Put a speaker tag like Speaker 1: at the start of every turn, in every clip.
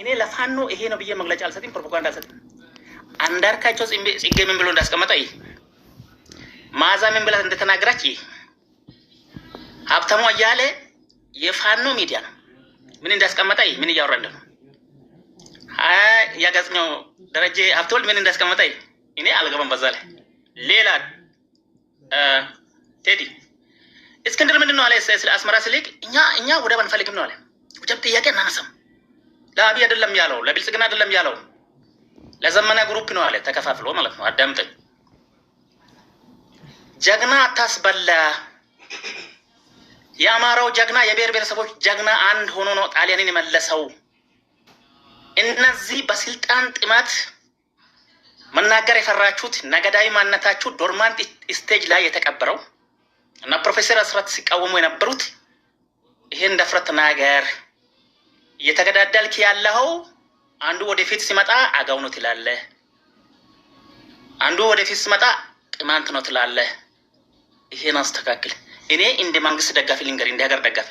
Speaker 1: እኔ ለፋኖ ይሄ ነው ብዬ መግለጫ አልሰጥም፣ ፕሮፓጋንዳ አልሰጥም። አንዳርካቸው ጽጌ ምን ብሎ እንዳስቀመጠ ይ ማዛ ምን ብላት እንደተናገራች ይ ሀብታሙ እያለ የፋኖ ሚዲያ ነው ምን እንዳስቀመጠ ይ ምን እያወራ እንደሆነ ያጋጽኛው ደረጀ ሀብተወልድ ምን እንዳስቀመጠ ይ እኔ አልገባም። በዛ ላይ ሌላ ቴዲ እስክንድር ምንድን ነው አለ አስመራ ስልክ እኛ እኛ ወደብ አንፈልግም ነው አለ ወደብ ጥያቄ አናነሳም ለአብይ አይደለም ያለው፣ ለብልጽግና አይደለም ያለው፣ ለዘመነ ግሩፕ ነው አለ። ተከፋፍሎ ማለት ነው። አዳምጠኝ። ጀግና አታስበላ። የአማራው ጀግና የብሔር ብሔረሰቦች ጀግና አንድ ሆኖ ነው ጣሊያንን የመለሰው። እነዚህ በስልጣን ጥማት መናገር የፈራችሁት ነገዳዊ ማንነታችሁ ዶርማንት ስቴጅ ላይ የተቀበረው እና ፕሮፌሰር አስራት ሲቃወሙ የነበሩት ይሄን ደፍረት ተናገር እየተገዳደልክ ያለኸው አንዱ ወደፊት ሲመጣ አጋው ነው ትላለህ፣ አንዱ ወደፊት ሲመጣ ቅማንት ነው ትላለህ። ይሄን አስተካክል። እኔ እንደ መንግስት ደጋፊ ልንገር፣ እንደ ሀገር ደጋፊ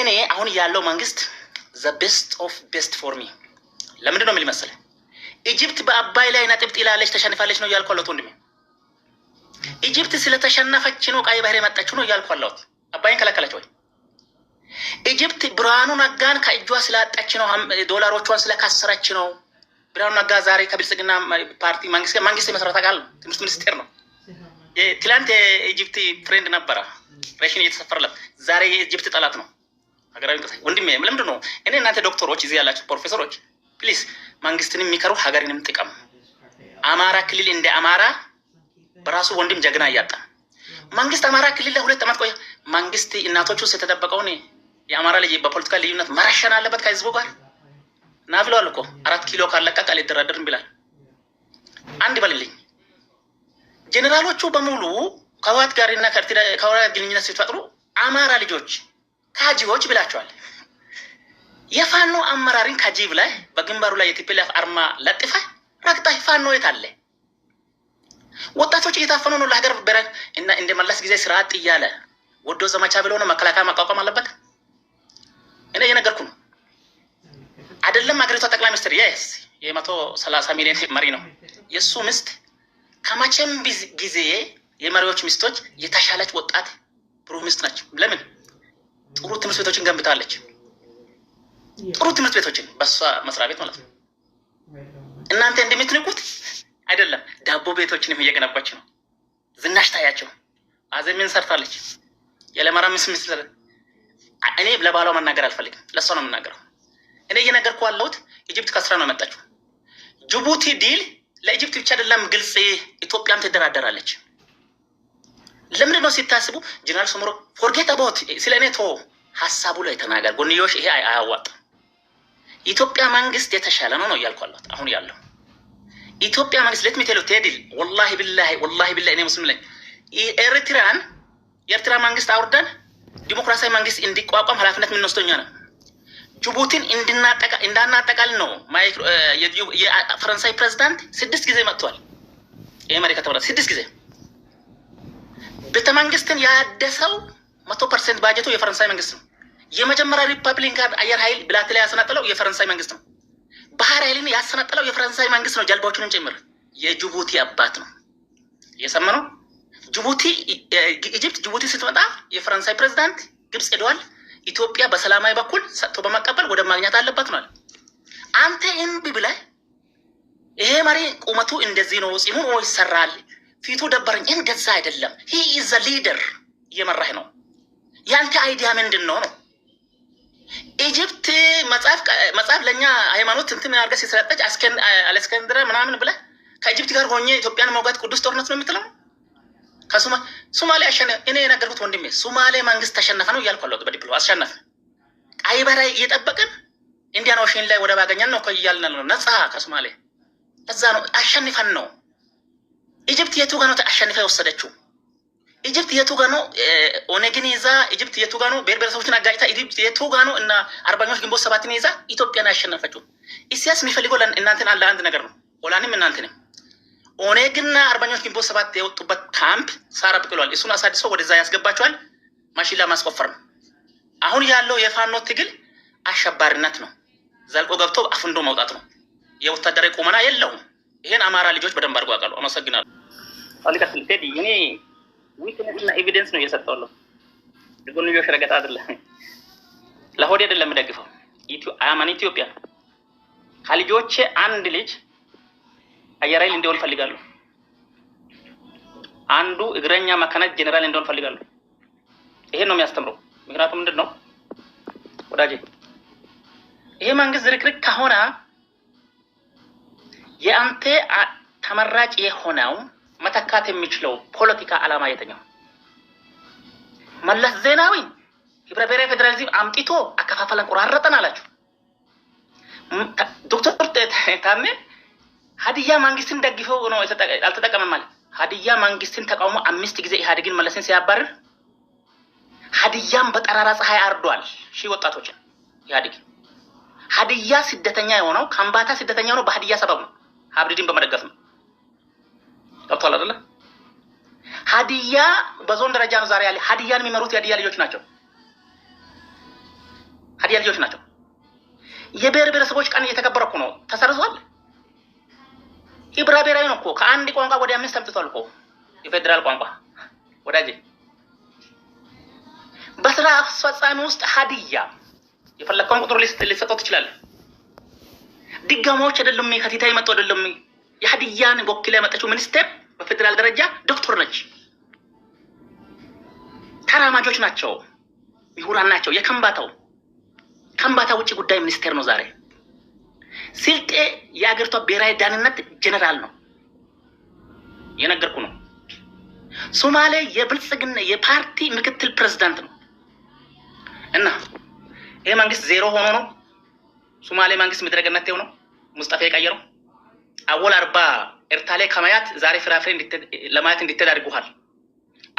Speaker 1: እኔ አሁን ያለው መንግስት ዘ ቤስት ኦፍ ቤስት ፎር ሚ ለምንድን ነው የሚል ኢጅፕት በአባይ ላይ ነጥብ ጥላለች ተሸንፋለች ነው እያልኩ አለሁት ወንድሜ። ኢጅፕት ስለተሸነፈች ነው ቀይ ባህር የመጣችው ነው እያልኩ አለሁት። አባይን ከለከለች ወይ? ኢጅፕት ብርሃኑ ነጋን ከእጇ ስላጣች ነው፣ ዶላሮቿን ስለካሰረች ነው። ብርሃኑ ነጋ ዛሬ ከብልጽግና ፓርቲ መንግስት የመስራት አካል ትምህርት ሚኒስቴር ነው። ትላንት የኢጅፕት ፍሬንድ ነበረ፣ ሬሽን እየተሰፈረለት፣ ዛሬ የኢጅፕት ጠላት ነው። ሀገራዊ እንቅስቃሴ ወንድሜ፣ ለምንድን ነው እኔ እናንተ ዶክተሮች እዚህ ያላቸው ፕሮፌሰሮች፣ ፕሊስ መንግስትን የሚከሩ ሀገርንም ጥቀም። አማራ ክልል እንደ አማራ በራሱ ወንድም ጀግና እያጣ መንግስት አማራ ክልል ለሁለት ዓመት ቆይ መንግስት እናቶቹ ስተጠበቀውን የአማራ ልጅ በፖለቲካ ልዩነት መረሸን አለበት ከህዝቡ ጋር ና ብለዋል እኮ አራት ኪሎ ካለቀቅ አልደራደርም ይላል። አንድ በልልኝ ጀኔራሎቹ በሙሉ ከህወሓት ጋር እና ከህወሓት ግንኙነት ሲፈጥሩ አማራ ልጆች ካጂዎች ብላቸዋል። የፋኖ አመራሪን ከጂብ ላይ በግንባሩ ላይ የቲፒኤልኤፍ አርማ ለጥፈ ረግጣ ፋኖ የት አለ? ወጣቶች እየታፈኑ ነው። ለሀገር ብረት እና ጊዜ ስርዓት እያለ ወዶ ዘመቻ ብሎ ነው መከላከያ ማቋቋም አለበት። እኔ የነገርኩ ነው አይደለም። አገሪቷ ጠቅላይ ሚኒስትር የስ የመቶ ሰላሳ ሚሊዮን መሪ ነው። የእሱ ሚስት ከመቼም ጊዜ የመሪዎች ሚስቶች የተሻለች ወጣት ብሩህ ሚስት ናቸው። ለምን ጥሩ ትምህርት ቤቶችን ገንብታለች። ጥሩ ትምህርት ቤቶችን በእሷ መስሪያ ቤት ማለት ነው። እናንተ እንደምትንቁት አይደለም። ዳቦ ቤቶችን እየገነባች ነው። ዝናሽ ታያቸው አዘሚን ሰርታለች። የለመራ ምስ እኔ ለባሏ መናገር አልፈልግም። ለእሷ ነው የምናገረው። እኔ እየነገርኩ ያለሁት ኢጅፕት ከስራ ነው የመጣችው። ጅቡቲ ዲል ለኢጅፕት ብቻ አይደለም ግልጽ፣ ኢትዮጵያም ትደራደራለች። ለምንድን ነው ሲታስቡ ጀነራል ሶሞሮ ፎርጌት አባውት ስለ እኔ ቶ ሀሳቡ ላይ ተናገር፣ ጎንዮሽ ይሄ አያዋጥም። ኢትዮጵያ መንግስት የተሻለ ነው ነው እያልኩ አለሁት አሁን ያለው ኢትዮጵያ መንግስት ለት ሚቴሎ ቴዲል ወላሂ ብላሂ ወላሂ ብላሂ እኔ ሙስሊም ነኝ። ኤርትራን የኤርትራ መንግስት አውርደን ዲሞክራሲያዊ መንግስት እንዲቋቋም ኃላፊነት የምንወስደው እኛ ነን። ጅቡቲን እንዳናጠቃል ነው። የፈረንሳይ ፕሬዚዳንት ስድስት ጊዜ መጥቷል። ይህ መሪ ከተባለ ስድስት ጊዜ ቤተ መንግስትን ያደሰው መቶ ፐርሰንት ባጀቱ የፈረንሳይ መንግስት ነው። የመጀመሪያ ሪፐብሊካን አየር ኃይል ብላት ላይ ያሰናጠለው የፈረንሳይ መንግስት ነው። ባህር ኃይልን ያሰናጠለው የፈረንሳይ መንግስት ነው። ጀልባዎቹንም ጭምር የጅቡቲ አባት ነው። እየሰማ ነው። ጅቡቲ ኢጅፕት ጅቡቲ ስትመጣ የፈረንሳይ ፕሬዚዳንት ግብፅ ሄደዋል። ኢትዮጵያ በሰላማዊ በኩል ሰጥቶ በመቀበል ወደ ማግኘት አለባት ነው። አንተ እምቢ ብለ ይሄ መሪ ቁመቱ እንደዚህ ነው፣ ጺሙ ይሰራል፣ ፊቱ ደበረኝ፣ እንደዛ አይደለም። ሂ ኢዝ ሊደር እየመራህ ነው። ያንተ አይዲያ ምንድን ነው ነው? ኢጅፕት መጽሐፍ ለእኛ ሃይማኖት እንትን አድርገህ ሲሰጠች አሌስከንድረ ምናምን ብለ ከኢጅፕት ጋር ሆኜ ኢትዮጵያን መውጋት ቅዱስ ጦርነት ነው የምትለው ከሱማሌ አሸነ እኔ የነገርኩት ወንድሜ ሱማሌ መንግስት ተሸነፈ ነው እያልኩ አለሁ። በዲፕሎ አስሸነፈ ቀይ በራይ እየጠበቅን ኢንዲያን ኦሽን ላይ ወደብ አገኘን ነው እኮ እያልን ነው። ነጻ ከሱማሌ እዛ ነው አሸንፈን ነው። ኢጅፕት የቱ ጋ ነው አሸንፈ የወሰደችው? ኢጅፕት የቱ ጋ ነው ኦነግን ይዛ? ኢጅፕት የቱ ጋ ነው ብሔር ብሔረሰቦችን አጋጭታ? ኢጅፕት የቱ ጋ ነው እና አርባኞች ግንቦት ሰባትን ይዛ ኢትዮጵያን ያሸነፈችው? ኢሳያስ የሚፈልገው እናንተን ለአንድ ነገር ነው። ኦላንም እናንተንም ኦኔግና አርበኞች ግንቦት ሰባት የወጡበት ካምፕ ሳር አብቅሏል። እሱን አሳድሶ ወደዛ ያስገባቸዋል። ማሽን ለማስቆፈር ነው። አሁን ያለው የፋኖ ትግል አሸባሪነት ነው። ዘልቆ ገብቶ አፍንዶ መውጣት ነው። የወታደራዊ ቁመና የለውም። ይሄን አማራ ልጆች በደንብ አድርጎ ያውቃሉ። አመሰግናለሁ። አሊቀጥል ቴዲ፣ እኔ ዊትነስ እና ኤቪደንስ ነው እየሰጠውለሁ። የጎንዮሽ ረገጣ አይደለ፣ ለሆዴ አይደለም የምደግፈው አማን ኢትዮጵያ ከልጆቼ አንድ ልጅ አየር ኃይል እንዲሆን ይፈልጋሉ። አንዱ እግረኛ መካናይዝድ ጄኔራል እንዲሆን ፈልጋሉ ይሄን ነው የሚያስተምረው። ምክንያቱም ምንድን ነው ወዳጄ፣ ይሄ መንግስት ዝርክርክ ከሆነ የአንተ ተመራጭ የሆነው መተካት የሚችለው ፖለቲካ አላማ የተኛው መለስ ዜናዊ ህብረ ብሔራዊ ፌዴራሊዝም አምጥቶ አከፋፈለን ቆራረጠን አላችሁ ዶክተር ታሜ ሀዲያ መንግስትን ደግፈው ነው አልተጠቀመም ማለት። ሀዲያ መንግስትን ተቃውሞ አምስት ጊዜ ኢህአዴግን መለስን ሲያባርር ሀዲያም በጠራራ ፀሐይ አርዷል ሺህ ወጣቶችን ኢህአዴግ ሀዲያ ስደተኛ የሆነው ከምባታ ስደተኛ ሆነው በሀዲያ ሰበብ ነው። ሀብድድን በመደገፍ ነው። ገብቷል አደለ ሀዲያ በዞን ደረጃ ነው ዛሬ ያለ። ሀዲያን የሚመሩት የሀዲያ ልጆች ናቸው። ሀዲያ ልጆች ናቸው። የብሔር ብሔረሰቦች ቀን እየተከበረ እኮ ነው። ተሰርዟል። ኢብራ ብሔራዊ ነው እኮ ከአንድ ቋንቋ ወደ አምስት አምጥቷል እኮ የፌዴራል ቋንቋ ወዳጅ። በስራ አስፈጻሚ ውስጥ ሀዲያ የፈለግከውን ቁጥሩ ሊሰጠው ትችላለህ። ድጋማዎች አይደለም፣ ከቲታ የመጡ አይደለም። የሀዲያን ወኪላ የመጣችው ሚኒስቴር በፌዴራል ደረጃ ዶክተር ነች። ተራማጆች ናቸው፣ ምሁራን ናቸው። የከምባታው ከምባታ ውጭ ጉዳይ ሚኒስቴር ነው ዛሬ ስልጤ የሀገሪቷ ብሔራዊ ዳንነት ጀነራል ነው የነገርኩ ነው። ሶማሌ የብልጽግና የፓርቲ ምክትል ፕሬዝዳንት ነው። እና ይህ መንግስት ዜሮ ሆኖ ነው ሶማሌ መንግስት ምድረገነት ነው ሙስጣፌ የቀየረው አወል አርባ ኤርታሌ ከማያት ዛሬ ፍራፍሬ ለማየት እንዲትሄድ አድርጎሃል።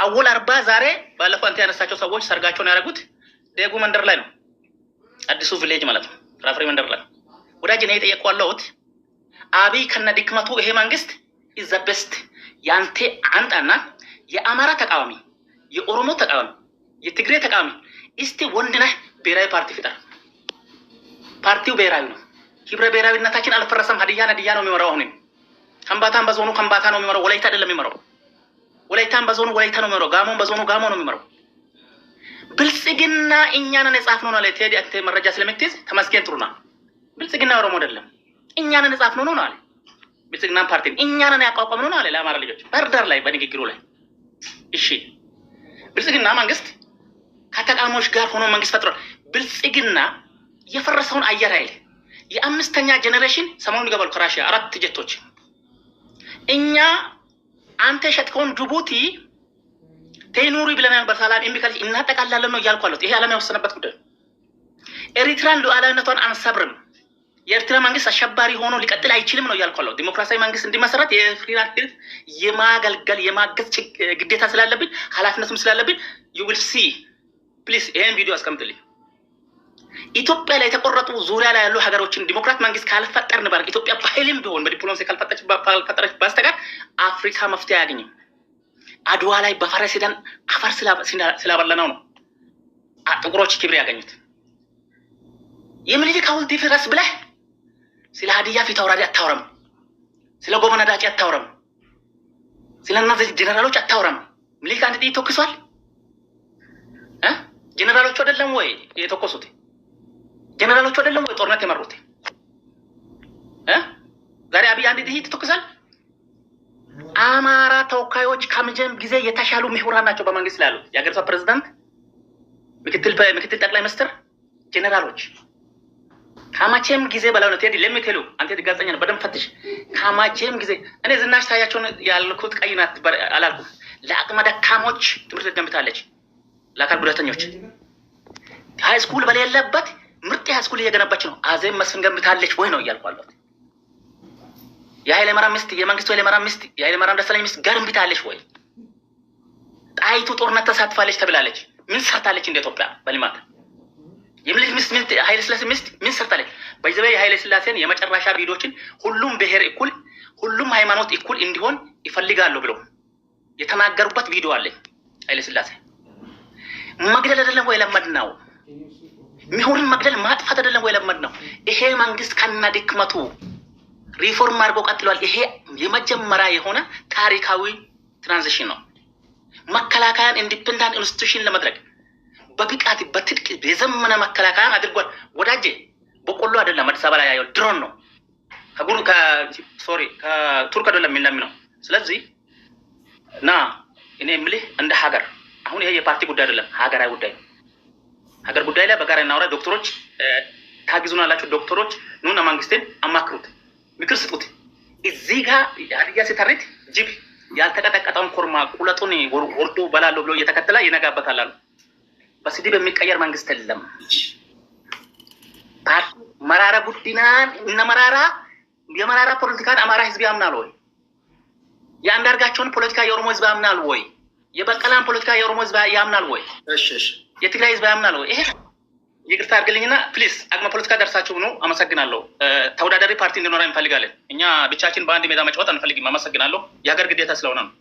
Speaker 1: አወል አርባ ዛሬ ባለፈው አንተ ያነሳቸው ሰዎች ሰርጋቸውን ያደረጉት ደጉ መንደር ላይ ነው። አዲሱ ቪሌጅ ማለት ነው ፍራፍሬ መንደር ላይ ወዳጅ እኔ የጠየቅኩህ አብይ ከነ ድክመቱ ይሄ መንግስት ኢዘቤስት ያንቴ አንጣና የአማራ ተቃዋሚ፣ የኦሮሞ ተቃዋሚ፣ የትግሬ ተቃዋሚ እስቲ ወንድ ነህ ብሔራዊ ፓርቲ ፍጠር። ፓርቲው ብሔራዊ ነው። ህብረ ብሔራዊነታችን አልፈረሰም። ሀዲያን ነድያ ነው የሚመራው። አሁንም ከምባታን በዞኑ ከምባታ ነው የሚመራው። ወላይታ አይደለም የሚመራው። ወላይታን በዞኑ ወላይታ ነው የሚመራው። ጋሞን በዞኑ ጋሞ ነው የሚመራው። ብልጽግና እኛንን የጻፍነው ነው። ቴዲ መረጃ ስለምትይዝ ተመስገን ጥሩና ብልጽግና ኦሮሞ አይደለም እኛንን ህጻፍ ነው ነው አለ። ብልጽግና ፓርቲን እኛንን ያቋቋም ነው አለ ለአማራ ልጆች በርዳር ላይ በንግግሩ ላይ እሺ፣ ብልጽግና መንግስት ከተቃዋሚዎች ጋር ሆኖ መንግስት ፈጥሯል። ብልጽግና የፈረሰውን አየር ኃይል የአምስተኛ ጄኔሬሽን ሰሞኑን ይገባሉ ከራሽያ አራት ጀቶች እኛ አንተ የሸጥከውን ጅቡቲ ቴኑሪ ብለናል በሰላም የሚካል እናጠቃላለን ነው እያልኩ አለት። ይሄ ዓለም የወሰነበት ጉዳይ ኤሪትራን ሉዓላዊነቷን አንሰብርም የኤርትራ መንግስት አሸባሪ ሆኖ ሊቀጥል አይችልም ነው እያልኩ ያለሁት። ዲሞክራሲያዊ መንግስት እንዲመሰረት የፍሪላንስ ህዝብ የማገልገል የማገዝ ግዴታ ስላለብን ኃላፊነቱም ስላለብን ዩዊል ሲ ፕሊስ ይህን ቪዲዮ አስቀምጥልኝ። ኢትዮጵያ ላይ የተቆረጡ ዙሪያ ላይ ያሉ ሀገሮችን ዲሞክራት መንግስት ካልፈጠርን ባር ኢትዮጵያ በኃይልም ቢሆን በዲፕሎማሲ ካልፈጠረች በስተቀር አፍሪካ መፍትሄ አያገኝም። አድዋ ላይ በፈረስ ሄደን አፈር ስላበለነው ነው ጥቁሮች ክብር ያገኙት። የምኒልክ ሐውልት ይፍረስ ብለህ ስለ ሀዲያ ፊት አውራሪ አታውረም። ስለ ጎበና ዳቂ አታውረም። ስለ እናንተ ጀነራሎች አታውረም። ምሊክ አንድ ጥይት ተኩሷል። ጀነራሎቹ አይደለም ወይ የተኮሱት? ጀነራሎቹ አይደለም ወይ ጦርነት የመሩት? ዛሬ አብይ አንድ ጥይት ተኩሷል። አማራ ተወካዮች ከምጀም ጊዜ የተሻሉ ምሁራን ናቸው በመንግስት ላይ ያሉት የሀገሪቷ ፕሬዚዳንት፣ ምክትል ጠቅላይ ሚኒስትር፣ ጀነራሎች ከማቼም ጊዜ በላይ ነው ቴዲ ለሚቴሉ አንተ ጋዜጠኛ ነው፣ በደንብ ፈትሽ። ከማቼም ጊዜ እኔ ዝናሽ ታያቸውን ያልኩት ቀይ ናት አላልኩም። ለአቅመ ደካሞች ትምህርት ቤት ገንብታለች፣ ለአካል ጉዳተኞች ሃይስኩል በሌለበት ምርጥ ሃይስኩል እየገነባች ነው። አዜብ መስፍን ገንብታለች ወይ ነው እያልኩ አለሁት። የኃይለማርያም ሚስት የመንግስቱ ኃይለማርያም ሚስት የኃይለማርያም ደሳለኝ ሚስት ገንብታለች ወይ? ጣይቱ ጦርነት ተሳትፋለች ተብላለች። ምን ሰርታለች? እንደ ኢትዮጵያ በልማት የምኒልክ ሚስት ኃይለ ስላሴ ሚስት ምን ሰርታለች? በዚህ ላይ የኃይለ ስላሴን የመጨረሻ ቪዲዮችን ሁሉም ብሔር እኩል ሁሉም ሃይማኖት እኩል እንዲሆን ይፈልጋሉ ብለው የተናገሩበት ቪዲዮ አለ። ኃይለ ስላሴ መግደል አይደለም ወይ ለመድ ነው? ምሁርን መግደል ማጥፋት አይደለም ወይ ለመድ ነው? ይሄ መንግስት ከና ድክመቱ ሪፎርም አድርጎ ቀጥሏል። ይሄ የመጀመሪያ የሆነ ታሪካዊ ትራንዚሽን ነው። መከላከያን ኢንዲፔንደንት ኢንስቲቱሽን ለመድረግ በብቃት በትጥቅ የዘመነ መከላከያ አድርጓል። ወዳጄ በቆሎ አይደለም አዲስ አበባ ላይ ያየው ድሮን ነው። ሶሪ ከቱርክ አይደለም ነው። ስለዚህ እና እኔ የምልህ እንደ ሀገር አሁን ይሄ የፓርቲ ጉዳይ አይደለም፣ ሀገራዊ ጉዳይ ሀገር ጉዳይ ላይ በጋራ እናውራ። ዶክተሮች ታግዙን ያላችሁ ዶክተሮች ኑና መንግስትን አማክሩት፣ ምክር ስጡት። እዚህ ጋር ሀዲያ ሲተርት ጅብ ያልተቀጠቀጠውን ኮርማ ቁለጡን ወርዶ በላለ ብሎ እየተከተለ ይነጋበታል አሉ። በስድብ የሚቀየር መንግስት የለም። መራራ ጉዲናን እነ መራራ የመራራ ፖለቲካን አማራ ህዝብ ያምናል ወይ? የአንዳርጋቸውን ፖለቲካ የኦሮሞ ህዝብ ያምናል ወይ? የበቀላን ፖለቲካ የኦሮሞ ህዝብ ያምናል ወይ? የትግራይ ህዝብ ያምናል ወይ? ይሄ ይቅርታ አድርግልኝና ፕሊስ አቅመ ፖለቲካ ደርሳችሁ ነው። አመሰግናለሁ። ተወዳዳሪ ፓርቲ እንዲኖራ እንፈልጋለን። እኛ ብቻችን በአንድ ሜዳ መጫወት አንፈልግም። አመሰግናለሁ። የሀገር ግዴታ ስለሆነ ነው።